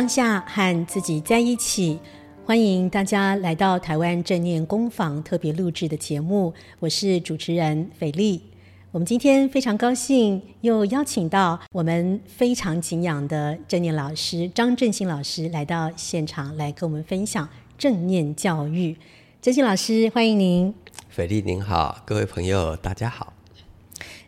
當下和自己在一起，歡迎大家來到台灣正念工坊特別錄制的節目。我是主持人斐莉。我們今天非常高興，又邀請到我們非常敬仰的正念老師張振興老師來到現場，來跟我們分享正念教育。振興老師，歡迎您。斐莉您好，各位朋友大家好。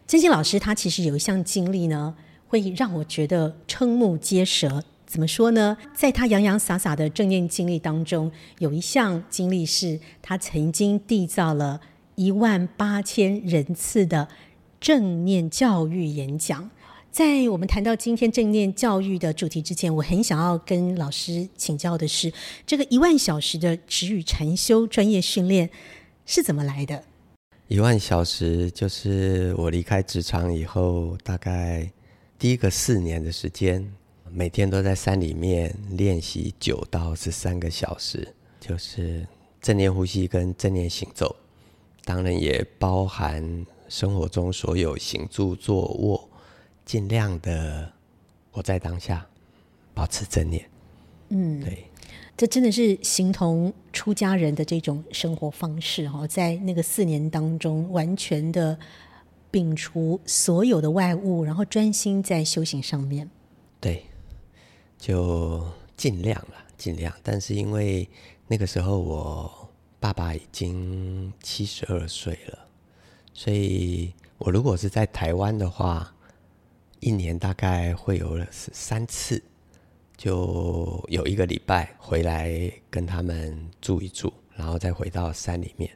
振興老師他其實有一項經歷呢，會讓我覺得瞠目結舌。怎麼說呢？在他洋洋灑灑的正念經歷當中，有一項經歷是他曾經締造了一萬八千人次的正念教育演講。在我們談到今天正念教育的主題之前，我很想要跟老師請教的是，這個一萬小時的止語禪修專業訓練是怎麼來的？一萬小時就是我離開職場以後，大概第一個四年的時間。每天都在山裡面練習九到十三個小時，就是正念呼吸跟正念行走，當然也包含生活中所有行住坐臥，盡量的活在當下，保持正念。嗯，對，這真的是形同出家人的這種生活方式哈、哦，在那個四年當中，完全的摒除所有的外物，然後專心在修行上面。對。就盡量了，盡量。但是因為那個時候我爸爸已經七十二歲了，所以我如果是在台灣的話，一年大概會有三次，就有一個禮拜回來跟他們住一住，然後再回到山裡面。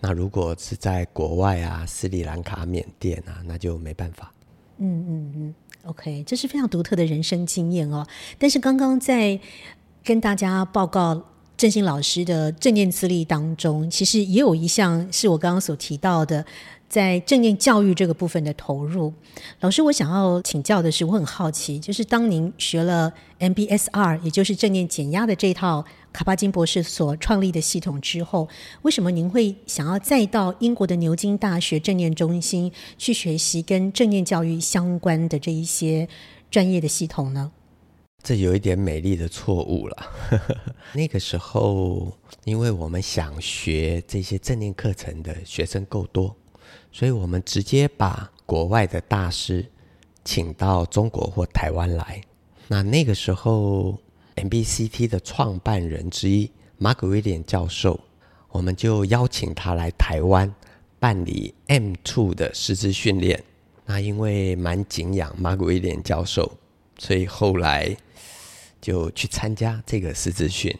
那如果是在國外啊，斯里蘭卡、緬甸啊，那就沒辦法。嗯嗯嗯。OK，這是非常獨特的人生經驗哦。但是剛剛在跟大家報告振興老師的正念資歷當中，其實也有一項是我剛剛所提到的，在正念教育這個部分的投入。老師，我想要請教的是，我很好奇，就是當您學了 MBSR，也就是正念減壓的這套。卡巴金博士所創立的系統之後，為什麼您會想要再到英國的牛津大學正念中心去學習跟正念教育相關的這一些專業的系統呢？這有一點美麗的錯誤了。 那個時候，因為我們想學這些正念課程的學生夠多，所以我們直接把國外的大師請到中國或台灣來。那那個時候。MBCT 的創辦人之一馬古威廉教授，我們就邀請他來台灣辦理 M Two 的師資訓練。那因為蠻敬仰馬古威廉教授，所以後來就去參加這個師資訓，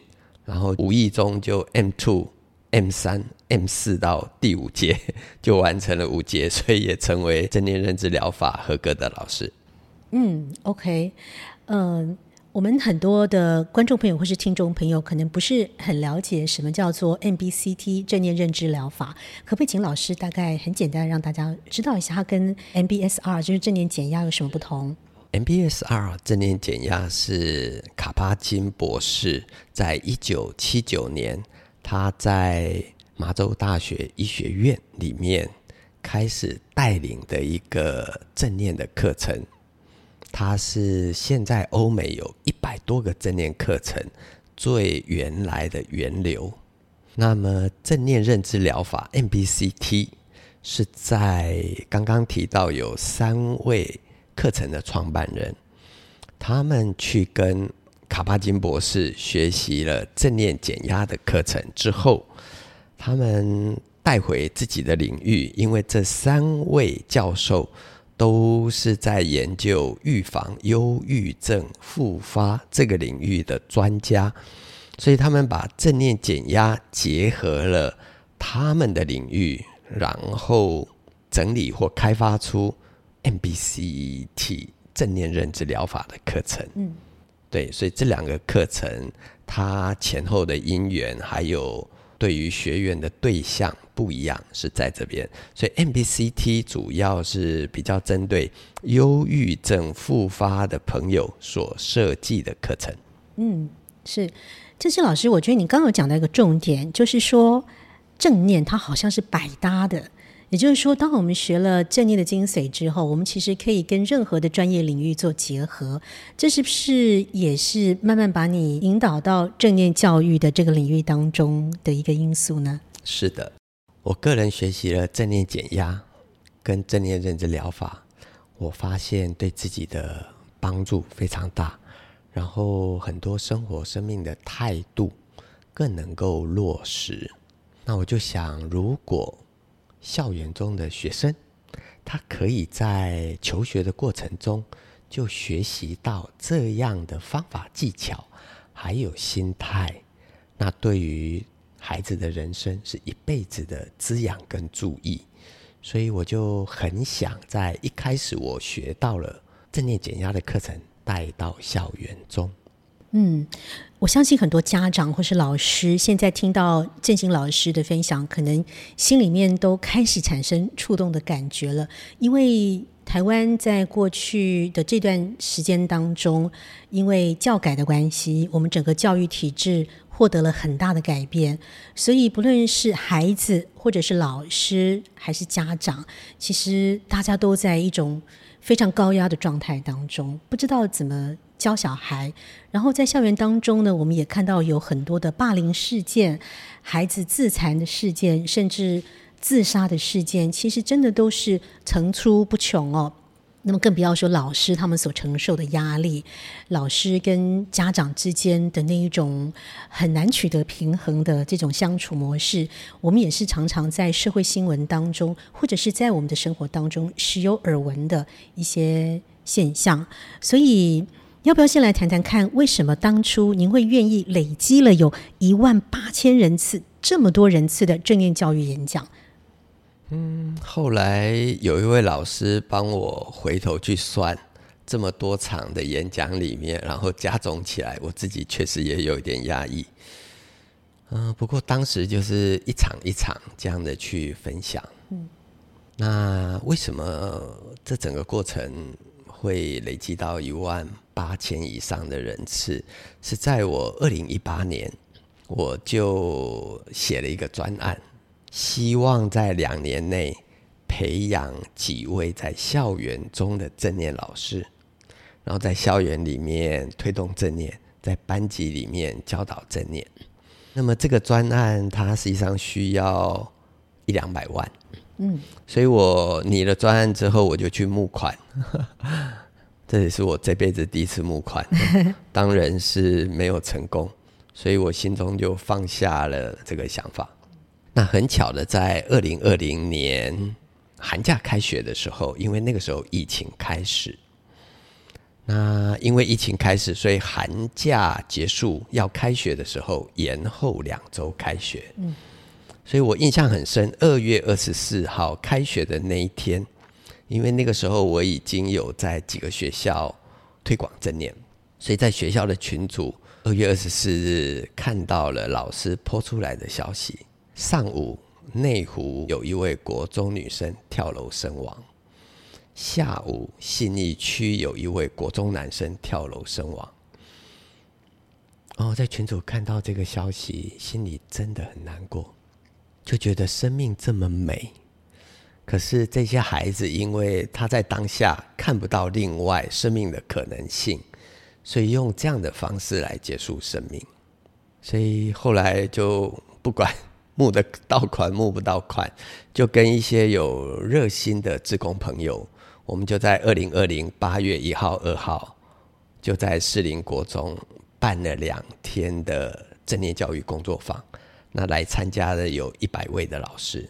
然後無意中就 M Two、M 三、M 四到第五階就完成了五階，所以也成為正念認知療法合格的老師。嗯，OK，嗯。我們很多的觀眾朋友或是聽眾朋友，可能不是很了解什麼叫做 MBCT 正念認知療法，可不可以請老師大概很簡單的讓大家知道一下，它跟 MBSR 就是正念減壓有什麼不同？MBSR 正念減壓是卡巴金博士在一九七九年他在麻州大學醫學院裡面開始帶領的一個正念的課程。它是現在歐美有一百多個正念課程最原來的源流。那麼正念認知療法 （MBCT） 是在剛剛提到有三位課程的創辦人，他們去跟卡巴金博士學習了正念減壓的課程之後，他們帶回自己的領域，因為這三位教授。都是在研究預防憂鬱症復發這個領域的專家，所以他們把正念減壓結合了他們的領域，然後整理或開發出 MBCT 正念認知療法的課程。嗯，對，所以這兩個課程它前後的因緣還有。對於學員的對象不一樣，是在這邊，所以 MBCT 主要是比較針對憂鬱症復發的朋友所設計的課程。嗯，是，振興老師，我覺得你剛剛有講到一個重點，就是說正念它好像是百搭的。也就是說，當我們學了正念的精髓之後，我們其實可以跟任何的專業領域做結合。這是不是也是慢慢把你引導到正念教育的這個領域當中的一個因素呢？是的，我個人學習了正念減壓跟正念認知療法，我發現對自己的幫助非常大，然後很多生活生命的態度更能夠落實。那我就想，如果校園中的學生，他可以在求學的過程中就學習到這樣的方法技巧，還有心態。那對於孩子的人生是一輩子的滋養跟注意，所以我就很想在一開始我學到了正念減壓的課程帶到校園中。嗯。我相信很多家長或是老師現在聽到振興老師的分享，可能心裡面都開始產生觸動的感覺了。因為台灣在過去的這段時間當中，因為教改的關係，我們整個教育體制獲得了很大的改變，所以不論是孩子，或者是老師，還是家長，其實大家都在一種非常高壓的狀態當中，不知道怎麼。教小，小孩，然後在校園當中呢，我們也看到有很多的霸凌事件、孩子自殘的事件，甚至自殺的事件，其實真的都是層出不窮哦。那麼更不要說老師他們所承受的壓力，老師跟家長之間的那一種很難取得平衡的這種相處模式，我們也是常常在社會新聞當中，或者是在我們的生活當中時有耳聞的一些現象，所以。要不要先來談談看，為什麼當初您會願意累積了有一萬八千人次這麼多人次的正念教育演講？嗯，後來有一位老師幫我回頭去算這麼多場的演講裡面，然後加總起來，我自己確實也有一點壓抑。嗯，不過當時就是一場一場這樣的去分享。嗯，那為什麼這整個過程會累積到一萬？八千以上的人次，是在我二零一八年，我就寫了一個專案，希望在兩年內培養幾位在校園中的正念老師，然後在校園裡面推動正念，在班級裡面教導正念。那麼這個專案它實際上需要一兩百萬，嗯，所以我擬了專案之後，我就去募款。 這也是我這輩子第一次募款，當然是沒有成功，所以我心中就放下了這個想法。那很巧的，在二零二零年寒假開學的時候，因為那個時候疫情開始，那因為疫情開始，所以寒假結束要開學的時候延後兩周開學。所以我印象很深，二月二十四號開學的那一天。因為那個時候我已經有在幾個學校推廣正念，所以在學校的群組二月二十四日看到了老師 PO 出來的消息：上午內湖有一位國中女生跳樓身亡，下午信義區有一位國中男生跳樓身亡。然後、哦、在群組看到這個消息，心裡真的很難過，就覺得生命這麼美。可是這些孩子，因為他在當下看不到另外生命的可能性，所以用這樣的方式來結束生命。所以後來就不管募得到款募不到款，就跟一些有熱心的志工朋友，我們就在二零二零八月一號、二號，就在士林國中辦了兩天的正念教育工作坊。那來參加的有一百位的老師。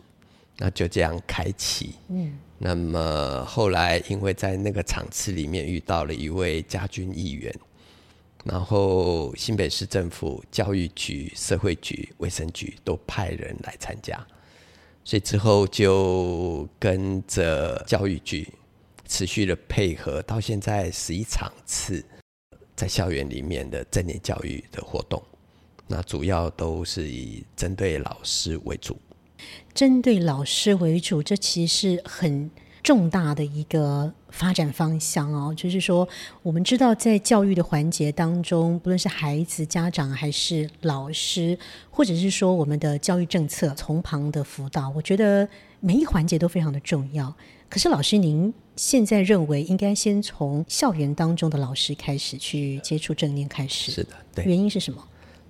那就這樣開啟。嗯，Yeah. 那麼後來因為在那個場次裡面遇到了一位家軍議員，然後新北市政府教育局、社會局、衛生局都派人來參加，所以之後就跟着教育局持續的配合，到現在十一場次在校園裡面的正念教育的活動，那主要都是以針對老師為主。針對老師為主，這其實是很重大的一個發展方向哦。就是說，我們知道在教育的環節當中，不論是孩子、家長，還是老師，或者是說我們的教育政策，從旁的輔導，我覺得每一環節都非常的重要。可是，老師您現在認為應該先從校園當中的老師開始去接觸正念開始？是的，對。原因是什麼？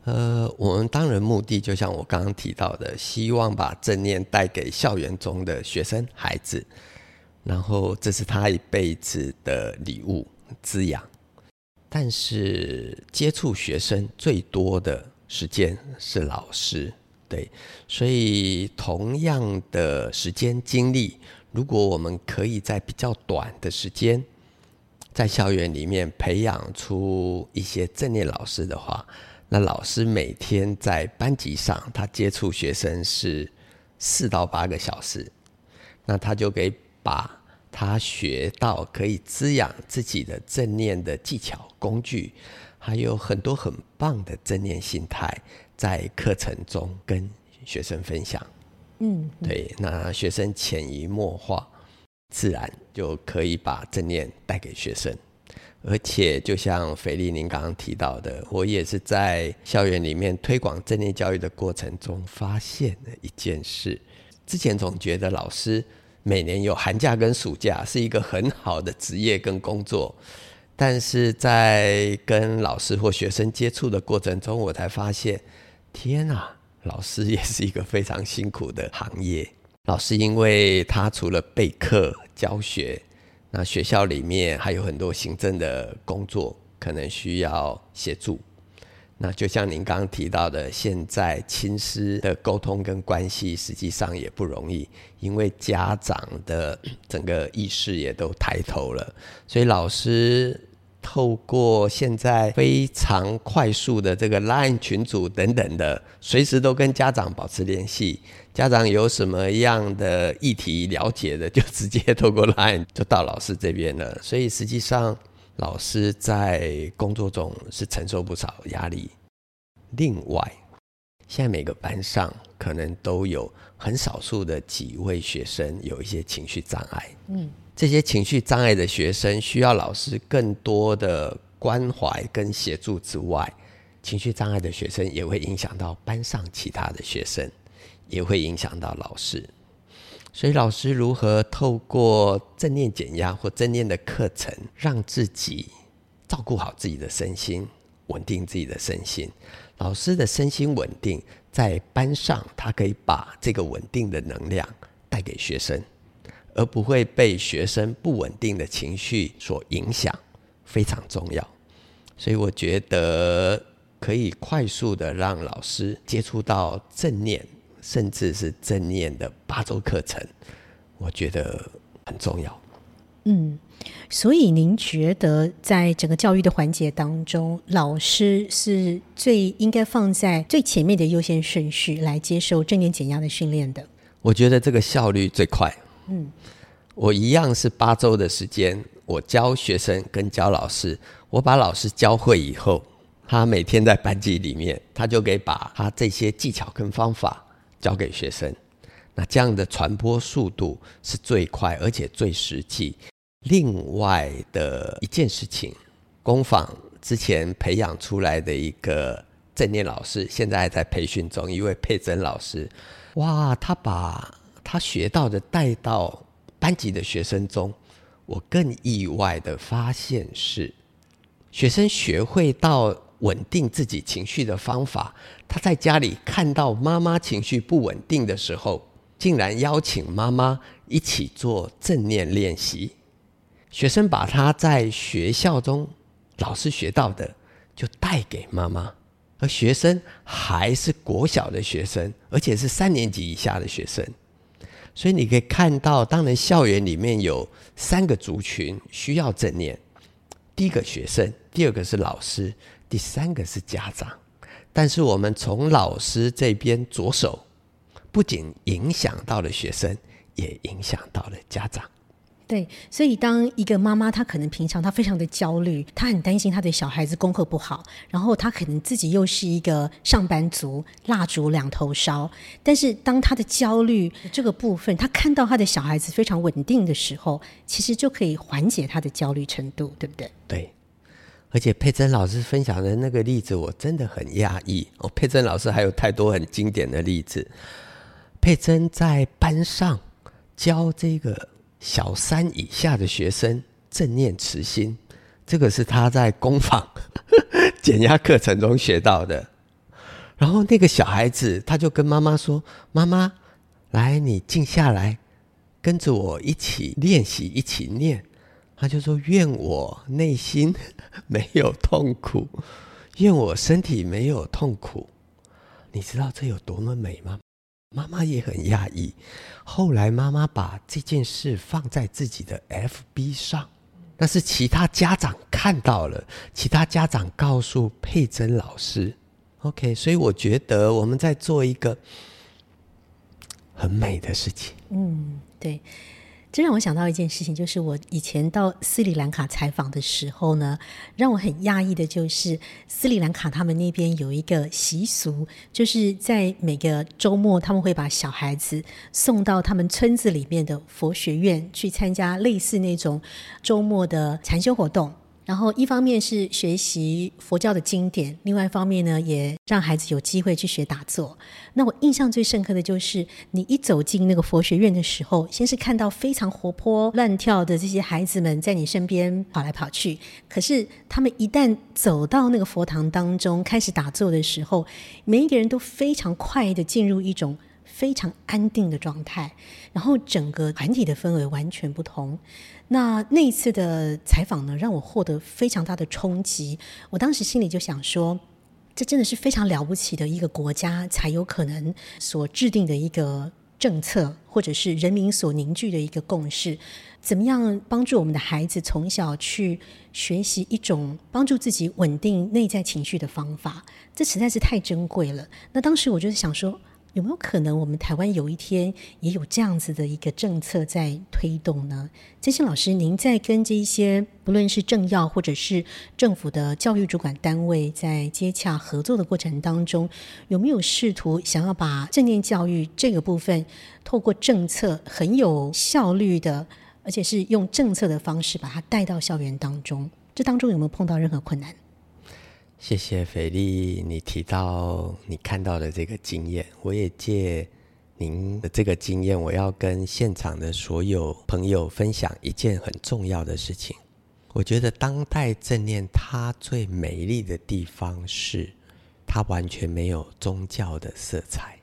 呃，我們當然目的就像我剛剛提到的，希望把正念帶給校園中的學生孩子，然後這是他一輩子的禮物滋養。但是接觸學生最多的時間是老師，對，所以同樣的時間精力，如果我們可以在比較短的時間，在校園裡面培養出一些正念老師的話。那老師每天在班級上，他接觸學生是四到八個小時，那他就給把他學到可以滋養自己的正念的技巧、工具，還有很多很棒的正念心態，在課程中跟學生分享。嗯，嗯，對，那學生潛移默化，自然就可以把正念帶給學生。而且，就像斐莉您剛剛提到的，我也是在校園裡面推廣正念教育的過程中，發現了一件事。之前總覺得老師每年有寒假跟暑假是一個很好的職業跟工作，但是在跟老師或學生接觸的過程中，我才發現，天啊，老師也是一個非常辛苦的行業。老師因為他除了備課、教學。那學校裡面還有很多行政的工作，可能需要協助。那就像您剛剛提到的，現在親師的溝通跟關係實際上也不容易，因為家長的整個意識也都抬頭了，所以老師透過現在非常快速的這個 Line 群組等等的，隨時都跟家長保持聯繫。家長有什麼樣的議題了解的，就直接透過 LINE 就到老師這邊了。所以實際上，老師在工作中是承受不少壓力。另外，現在每個班上可能都有很少數的幾位學生有一些情緒障礙。嗯，這些情緒障礙的學生需要老師更多的關懷跟協助之外，情緒障礙的學生也會影響到班上其他的學生，也會影響到老師，所以老師如何透過正念減壓或正念的課程，讓自己照顧好自己的身心，穩定自己的身心。老師的身心穩定，在班上他可以把這個穩定的能量帶給學生，而不會被學生不穩定的情緒所影響，非常重要。所以我覺得可以快速的讓老師接觸到正念。甚至是正念的八周課程，我覺得很重要。嗯，所以您覺得在整個教育的環節當中，老師是最應該放在最前面的優先順序來接受正念減壓的訓練的？我覺得這個效率最快。嗯，我一樣是八周的時間，我教學生跟教老師，我把老師教會以後，他每天在班級裡面，他就給把他這些技巧跟方法。交給學生，那這樣的傳播速度是最快，而且最實際。另外的一件事情，工坊之前培養出來的一個正念老師，現在還在培訓中，一位佩珍老師。哇，他把他學到的帶到班級的學生中，我更意外的發現是，學生學會到。穩定自己情緒的方法。他在家裡看到媽媽情緒不穩定的時候，竟然邀請媽媽一起做正念練習。學生把他在學校中老師學到的，就帶給媽媽。而學生還是國小的學生，而且是三年級以下的學生。所以你可以看到，當然校園裡面有三個族群需要正念：第一個學生，第二個是老師。第三個是家長，但是我們從老師這邊着手，不僅影響到了學生，也影響到了家長。對，所以當一個媽媽，她可能平常她非常的焦慮，她很擔心她的小孩子功課不好，然後她可能自己又是一個上班族，蠟燭兩頭燒。但是當她的焦慮這個部分，她看到她的小孩子非常穩定的時候，其實就可以緩解她的焦慮程度，對不對？對。而且佩珍老師分享的那個例子，我真的很訝異。哦，佩珍老師還有太多很經典的例子。佩珍在班上教這個小三以下的學生正念慈心，這個是他在工坊減壓課程中學到的。然後那個小孩子，他就跟媽媽說：“媽媽，來，你靜下來，跟着我一起練習，一起念。”他就說：“願我內心沒有痛苦，願我身體沒有痛苦，你知道這有多麼美嗎？”媽媽也很訝異。後來媽媽把這件事放在自己的 FB 上，但是其他家長看到了，其他家長告訴佩珍老師：“OK。”所以我覺得我們在做一個很美的事情。嗯，對。這讓我想到一件事情，就是我以前到斯里蘭卡採訪的時候呢，讓我很訝異的就是斯里蘭卡他們那邊有一個習俗，就是在每個周末他們會把小孩子送到他們村子裡面的佛學院去參加類似那種周末的禪修活動。然後，一方面是學習佛教的經典，另外一方面呢，也讓孩子有機會去學打坐。那我印象最深刻的就是，你一走進那個佛學院的時候，先是看到非常活潑亂跳的這些孩子們在你身邊跑來跑去，可是他們一旦走到那個佛堂當中開始打坐的時候，每一個人都非常快地進入一種非常安定的狀態，然後整個團體的氛圍完全不同。那那一次的採訪呢，讓我獲得非常大的衝擊。我當時心裡就想說，這真的是非常了不起的一個國家才有可能所制定的一個政策，或者是人民所凝聚的一個共識。怎麼樣幫助我們的孩子從小去學習一種幫助自己穩定內在情緒的方法？這實在是太珍貴了。那當時我就是想說，有沒有可能我們台灣有一天也有這樣子的一個政策在推動呢？振興老師，您在跟這一些不論是政要或者是政府的教育主管單位在接洽合作的過程當中，有沒有試圖想要把正念教育這個部分透過政策很有效率的，而且是用政策的方式把它帶到校園當中？這當中有沒有碰到任何困難？謝謝斐莉，你提到你看到的這個經驗，我也借您的這個經驗，我要跟現場的所有朋友分享一件很重要的事情。我覺得當代正念它最美麗的地方是，它完全沒有宗教的色彩。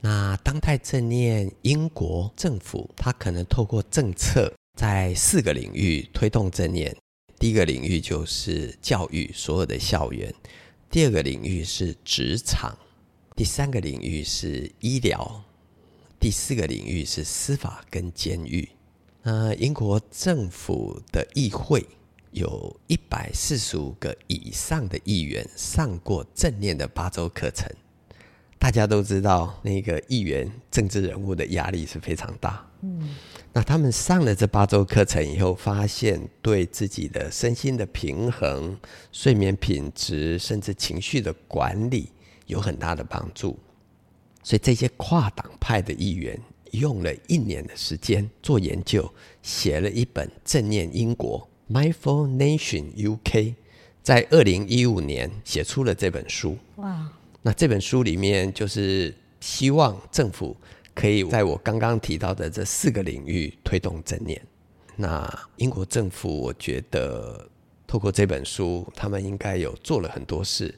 那當代正念，英國政府它可能透過政策在四個領域推動正念。第一個領域就是教育，所有的校園；第二個領域是職場；第三個領域是醫療；第四個領域是司法跟監獄。呃，英國政府的議會有一百四十五個以上的議員上過正念的八周課程。大家都知道，那個議員政治人物的壓力是非常大。嗯，那他們上了這八周課程以後，發現對自己的身心的平衡、睡眠品質，甚至情緒的管理有很大的幫助。所以，這些跨黨派的議員用了一年的時間做研究，寫了一本《正念英國》（Mindful Nation UK），在二零一五年寫出了這本書。哇！那這本書裡面就是希望政府。可以在我剛剛提到的這四個領域推動正念。那英國政府，我覺得透過這本書，他們應該有做了很多事。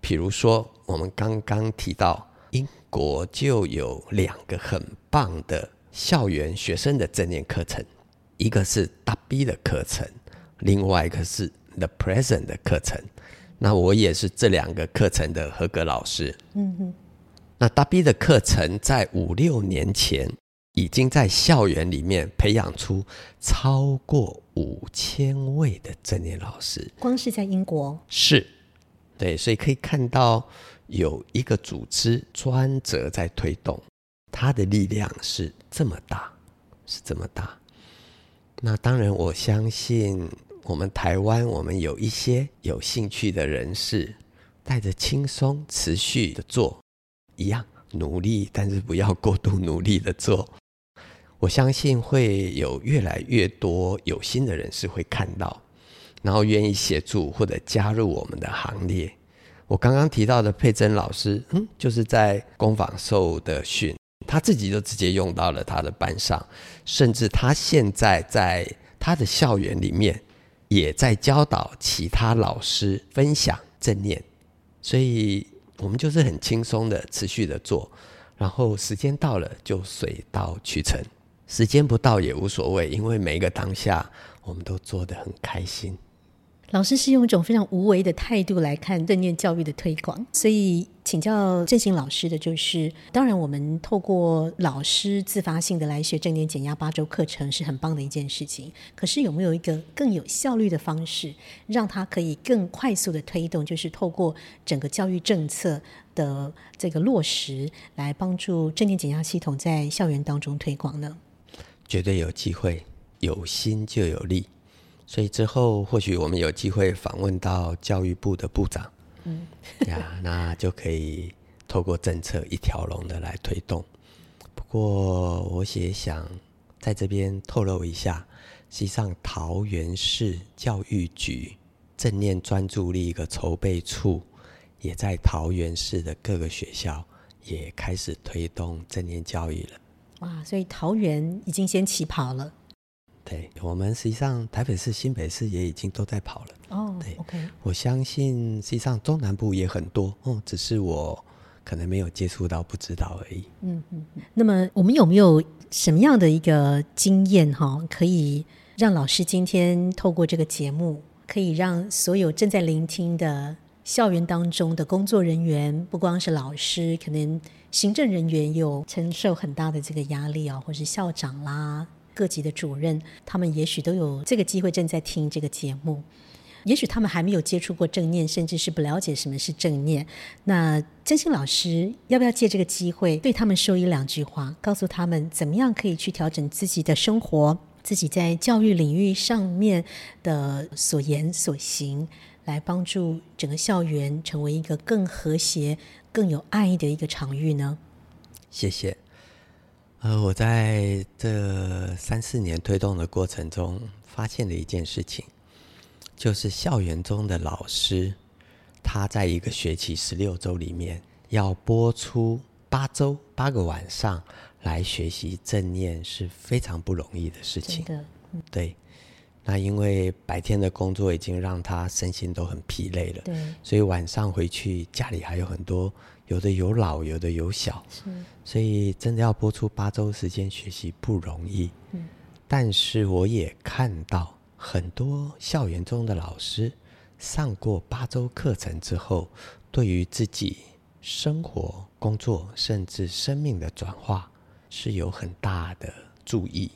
比如說，我們剛剛提到，英國就有兩個很棒的校園學生的正念課程，一個是 .b 的課程，另外一個是 The Present 的課程。那我也是這兩個課程的合格老師。嗯那 .b 的課程在五六年前已經在校園裡面培養出超過五千位的正念老師，光是在英國。是。對，所以可以看到有一個組織專責在推動，它的力量是這麼大，是這麼大。那當然，我相信我們台灣，我們有一些有興趣的人士，帶着輕鬆持續的做。一樣努力，但是不要過度努力的做。我相信會有越來越多有心的人士會看到，然後願意協助或者加入我們的行列。我剛剛提到的佩珍老師，嗯，就是在工坊受的訓，他自己就直接用到了他的班上，甚至他現在在他的校園裡面也在教導其他老師分享正念，所以。我們就是很輕鬆的持續的做，然後時間到了就水到渠成，時間不到也無所謂，因為每一個當下我們都做得很開心。老師是用一種非常無為的態度來看正念教育的推廣，所以請教振興老師的就是，當然我們透過老師自發性的來學正念減壓八週課程是很棒的一件事情，可是有沒有一個更有效率的方式，讓他可以更快速的推動，就是透過整個教育政策的這個落實，來幫助正念減壓系統在校園當中推廣呢？絕對有機會，有心就有力。所以之後或許我們有機會訪問到教育部的部長，嗯， 呀，那就可以透過政策一條龍的來推動。不過我也想在這邊透露一下，實際上桃園市教育局正念專注力一個籌備處也在桃園市的各個學校也開始推動正念教育了。哇，所以桃園已經先起跑了。對，我們實際上台北市、新北市也已經都在跑了。哦，oh, okay. 對，OK。我相信實際上中南部也很多，嗯，只是我可能沒有接觸到，不知道而已。嗯嗯。那麼我們有沒有什麼樣的一個經驗哈，可以讓老師今天透過這個節目，可以讓所有正在聆聽的校園當中的工作人員，不光是老師，可能行政人員有承受很大的這個壓力啊，或是校長啦。各級的主任，他們也許都有這個機會正在聽這個節目，也許他們還沒有接觸過正念，甚至是不了解什麼是正念。那振興老師，要不要借這個機會對他們說一兩句話，告訴他們怎麼樣可以去調整自己的生活，自己在教育領域上面的所言所行，來幫助整個校園成為一個更和諧、更有愛的一個場域呢？謝謝。呃，我在這三四年推動的過程中，發現了一件事情，就是校園中的老師，他在一個學期十六周裡面，要撥出八周八個晚上來學習正念是非常不容易的事情。真的，嗯，對。那因為白天的工作已經讓他身心都很疲累了，對所以晚上回去家裡還有很多，有的有老，有的有小，是所以真的要撥出八周時間學習不容易，嗯，但是我也看到很多校園中的老師上過八周課程之後，對於自己生活、工作甚至生命的轉化是有很大的注意，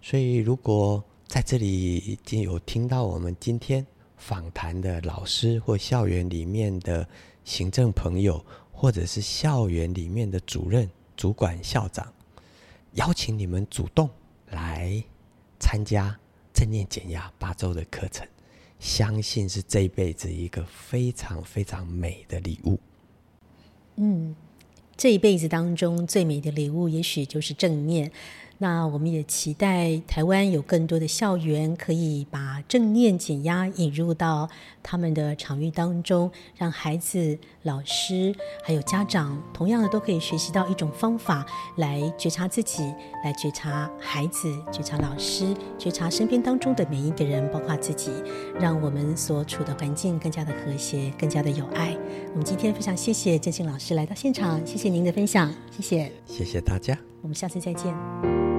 所以如果。在這裡已經有聽到我們今天訪談的老師或校園裡面的行政朋友，或者是校園裡面的主任、主管、校長，邀請你們主動來參加正念減壓八周的課程，相信是這一輩子一個非常非常美的禮物。嗯，這一輩子當中最美的禮物，也許就是正念。那我們也期待台灣有更多的校園可以把正念減壓引入到他們的場域當中，讓孩子、老師還有家長，同樣的都可以學習到一種方法，來覺察自己，來覺察孩子、覺察老師、覺察身邊當中的每一個人，包括自己，讓我們所處的環境更加的和諧，更加的有愛。我們今天非常謝謝振興老師來到現場，謝謝您的分享，謝謝，謝謝大家。我們下次再見。